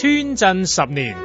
川震十年，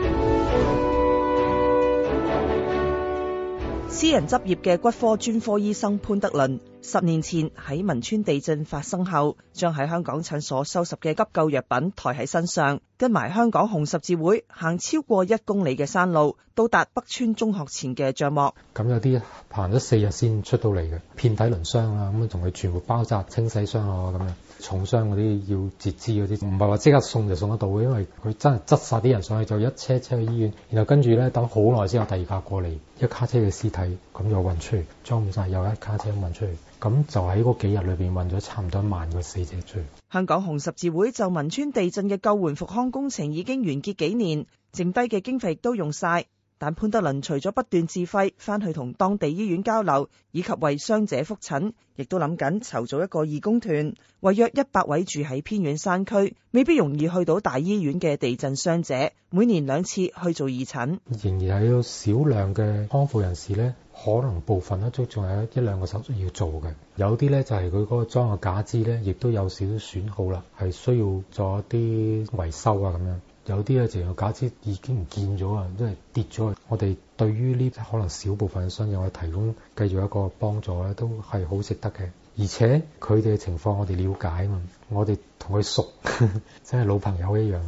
私人執業嘅骨科專科醫生潘德倫，十年前喺汶川地震發生後，將喺香港診所收拾嘅急救藥品抬喺身上，跟埋香港紅十字會行超過一公里嘅山路，到達北川中學前嘅帳幕。咁有啲行咗四日先出到嚟嘅，遍體鱗傷啊，咁同佢全部包紮、清洗傷口咁樣。重傷嗰啲要截肢嗰啲，唔係話即刻送就送得到嘅，因為佢真係執曬啲人上去，就一車一車去醫院，然後跟住咧等好耐先有第二架過嚟，一卡車嘅屍體咁又運出嚟，裝滿曬又一卡車運出去，咁就喺嗰幾日裏邊運咗差唔多一萬個死者出。香港紅十字會就汶川地震嘅救援復康工程已經完結幾年，剩低嘅經費都用晒。但潘德倫除咗不斷自費翻去同當地醫院交流，以及為傷者覆診，亦都諗緊籌組一個義工團，為約一百位住喺偏遠山區、未必容易去到大醫院嘅地震傷者，每年兩次去做義診。仍然係有少量嘅康復人士呢，可能部分都仲仲有一一兩個手術要做嘅，有啲呢，就係佢嗰個裝嘅假肢呢，亦都有少少損耗啦，係需要做一啲維修啊咁樣。有啲啊，就假設已經唔見咗啊，即跌咗。我哋對於呢可能少部分嘅我哋提供繼續一個幫助咧，都係好值得嘅。而且佢哋嘅情況我們，我哋了解啊嘛，我哋同佢熟， 真係老朋友一樣。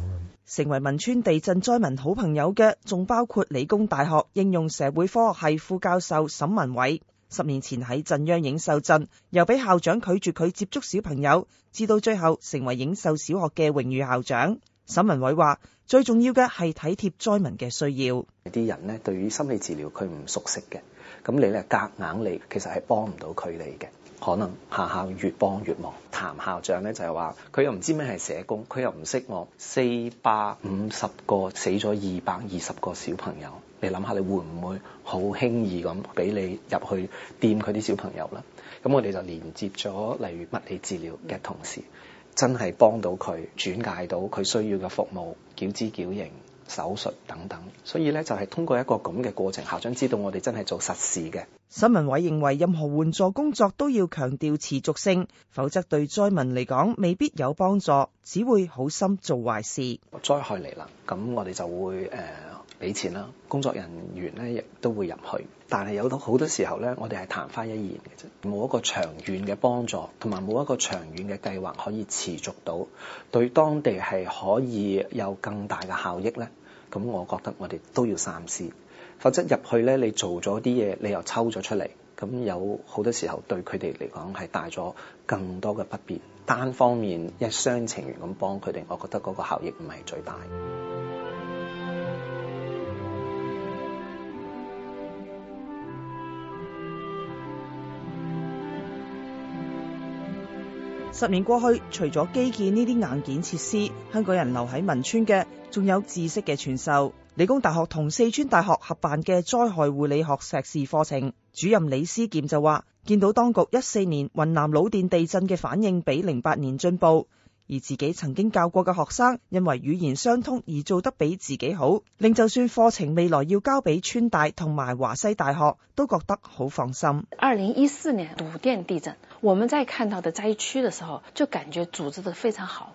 成為汶川地震災民好朋友嘅，仲包括理工大學應用社會科學系副教授沈文偉。十年前喺震央映秀鎮，又俾校長拒絕佢接觸小朋友，至到最後成為映秀小學嘅榮譽校長。沈文偉話：最重要嘅係體貼災民嘅需要。啲人咧，對於心理治療佢唔熟悉嘅，咁你咧夾硬嚟，其實係幫唔到佢哋嘅。可能下下越幫越忙。譚校長咧，就係話，佢又唔知咩係社工，佢又唔識我四百五十個死咗二百二十個小朋友，你諗下你會唔會好輕易咁俾你入去掂佢啲小朋友啦？咁我哋就連接咗例如物理治療嘅同事。真係幫到佢，轉介到佢需要嘅服務、矯肢矯形手術等等。所以咧，就係通過一個咁嘅過程，校長知道我哋真係做實事嘅。沈文偉認為任何援助工作都要強調持續性，否則對災民嚟講未必有幫助，只會好心做壞事。災害嚟啦，咁我哋就會誒，呃俾錢啦，工作人員咧亦都會入去，但係有好多時候咧，我哋係曇花一現嘅啫，冇一個長遠嘅幫助，同埋冇一個長遠嘅計劃可以持續到，對當地係可以有更大嘅效益咧。咁我覺得我哋都要三思，否則入去咧，你做咗啲嘢，你又抽咗出嚟，咁有好多時候對佢哋嚟講係帶咗更多嘅不便，單方面一廂情願咁幫佢哋，我覺得嗰個效益唔係最大。十年過去，除咗基建呢啲硬件設施，香港人留喺汶川嘅，仲有知識嘅傳授。理工大學同四川大學合辦嘅災害護理學碩士課程主任李思劍就話，見到當局一四年雲南魯甸地震嘅反應比零八年進步。而自己曾經教過嘅學生，因為語言相通而做得比自己好，令就算課程未來要交俾川大同埋華西大學，都覺得好放心。二零一四年魯甸地震，我們在看到的災區的時候，就感覺組織得非常好。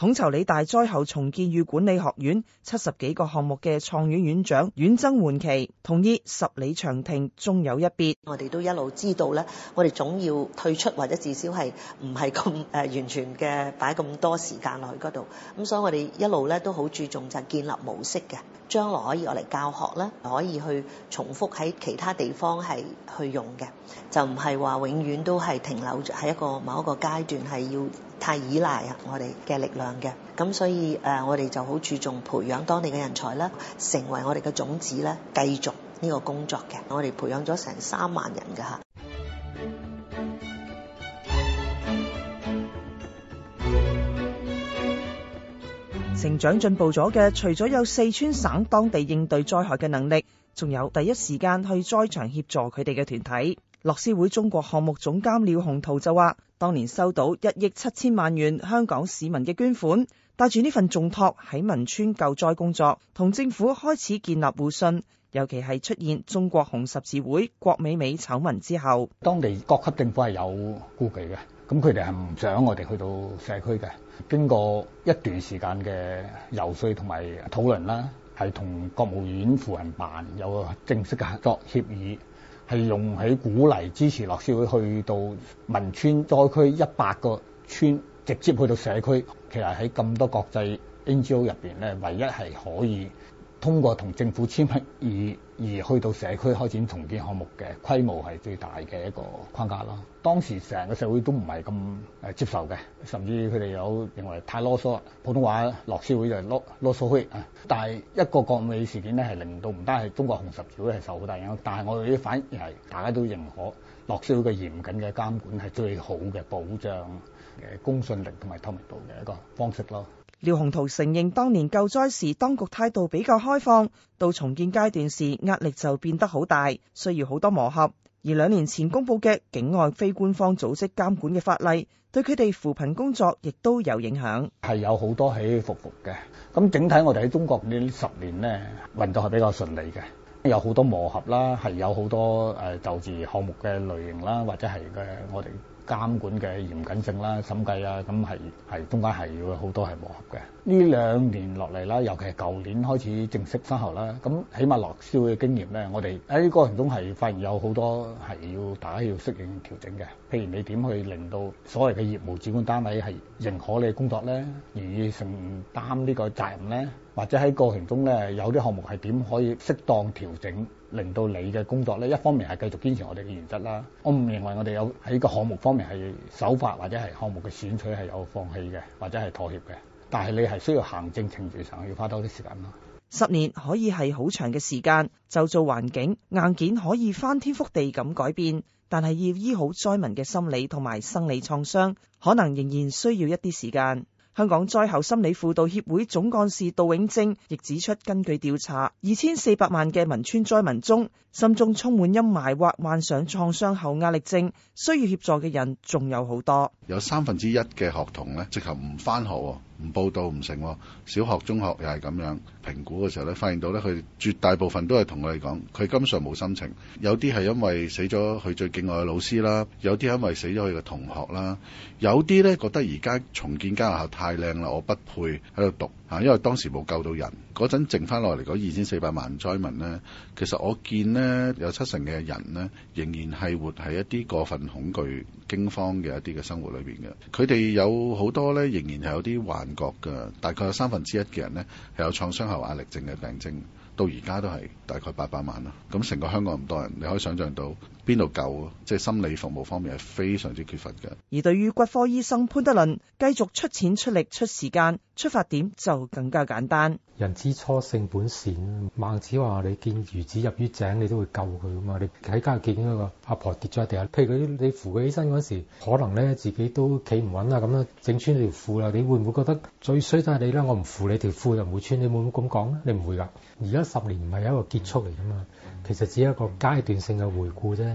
統籌理大災後重建與管理學院七十幾個項目嘅創院院長阮曾媛琪同意十里長亭終有一別。我哋都一路知道咧，我哋總要退出或者至少係唔係咁誒完全嘅擺咁多時間落去嗰度。咁所以我哋一路咧都好注重就建立模式嘅，將來可以攞嚟教學啦，可以去重複喺其他地方係去用嘅，就唔係話永遠都係停留喺一個某一個階段係要。太倚賴啊！我哋嘅力量嘅，咁所以誒，我哋就好注重培養當地嘅人才啦，成為我哋嘅種子咧，繼續呢個工作嘅。我哋培養咗成三萬人㗎吓。成長進步咗嘅，除咗有四川省當地應對災害嘅能力，仲有第一時間去災場協助佢哋嘅團體。樂施會中國項目總監廖洪濤就話：當年收到一億七千萬元香港市民嘅捐款，帶住呢份重託喺汶川救災工作，同政府開始建立互信。尤其係出現中國紅十字會郭美美醜聞之後，當地各級政府係有顧忌嘅，咁佢哋係唔想我哋去到社區嘅。經過一段時間嘅游說同埋討論啦，係同國務院扶貧辦有個正式嘅合作協議。係用喺鼓勵支持樂施會，去到民村災區一百個村，直接去到社區。其實喺咁多國際 NGO 入邊咧，唯一係可以。通過同政府簽批而而去到社區開展重建項目嘅規模係最大嘅一個框架咯。當時成個社會都唔係咁誒接受嘅，甚至佢哋有認為太囉嗦，普通話樂施會就係囉，囉嗦虛啊。但係一個國美事件咧，係令到唔單係中國紅十字會係受好大影響，但係我哋反而係大家都認可樂施會嘅嚴謹嘅監管係最好嘅保障嘅公信力同埋透明度嘅一個方式咯。廖洪濤承認，當年救災時當局態度比較開放，到重建階段時壓力就變得好大，需要好多磨合。而兩年前公布嘅境外非官方組織監管嘅法例，對佢哋扶貧工作亦都有影響。係有好多起起伏伏嘅，咁整體我哋喺中國呢十年呢，運作係比較順利嘅，有好多磨合啦，係有好多誒就住項目嘅類型啦，或者係嘅我哋。監管嘅嚴謹性啦、審計啊，咁係係中間係要好多係磨合嘅。呢兩年落嚟啦，尤其係舊年開始正式生效啦，咁起碼落銷嘅經驗咧，我哋喺過程中係發現有好多係要大家要適應調整嘅。譬如你點去令到所謂嘅業務主管單位係認可你嘅工作咧，願意承擔呢個責任咧，或者喺過程中咧有啲項目係點可以適當調整？令到你嘅工作呢，一方面係繼續堅持我哋嘅原則啦。我唔認為我哋有喺個項目方面係手法或者係項目嘅選取係有放棄嘅或者係妥協嘅，但係你係需要行政程序上要花多啲時間咯。十年可以係好長嘅時間，就做環境硬件可以翻天覆地咁改變，但係要醫好災民嘅心理同埋生理創傷，可能仍然需要一啲時間。香港災後心理輔導協會總幹事杜永貞亦指出，根據調查，二千四百萬嘅汶川災民中，心中充滿陰霾或患上創傷後壓力症，需要協助嘅人仲有好多。有三分之一嘅學童呢直頭唔翻學。唔報到唔成，小學、中學又係咁樣評估嘅時候咧，發現到咧佢絕大部分都係同我哋講，佢根本上冇心情，有啲係因為死咗佢最敬愛嘅老師啦，有啲係因為死咗佢嘅同學啦，有啲咧覺得而家重建家學校太靚啦，我不配喺度讀，因為當時冇救到人。嗰陣剩翻落嚟嗰二千四百萬災民呢，其實我見呢有七成嘅人呢，仍然係活喺一啲過分恐懼、驚慌嘅一啲嘅生活裏面嘅。佢哋有好多呢，仍然係有啲幻覺㗎。大概有三分之一嘅人呢，係有創傷後壓力症嘅病徵，到而家都係大概八百萬啦。咁成個香港咁多人，你可以想象到。邊度救啊？即係心理服務方面係非常之缺乏嘅。而對於骨科醫生潘德倫，繼續出錢、出力、出時間，出發點就更加簡單。人之初，性本善，孟子話：你見孺子入於井，你都會救佢噶嘛？你喺街見嗰個阿婆跌咗喺地下，譬如嗰你扶佢起身嗰時，可能咧自己都企唔穩啊咁樣，整穿條褲啦，你會唔會覺得最衰都係你咧？我唔扶你條褲又唔會穿，你會唔會咁講咧？你唔會噶。而家十年唔係一個結束嚟噶嘛，其實只係一個階段性嘅回顧啫。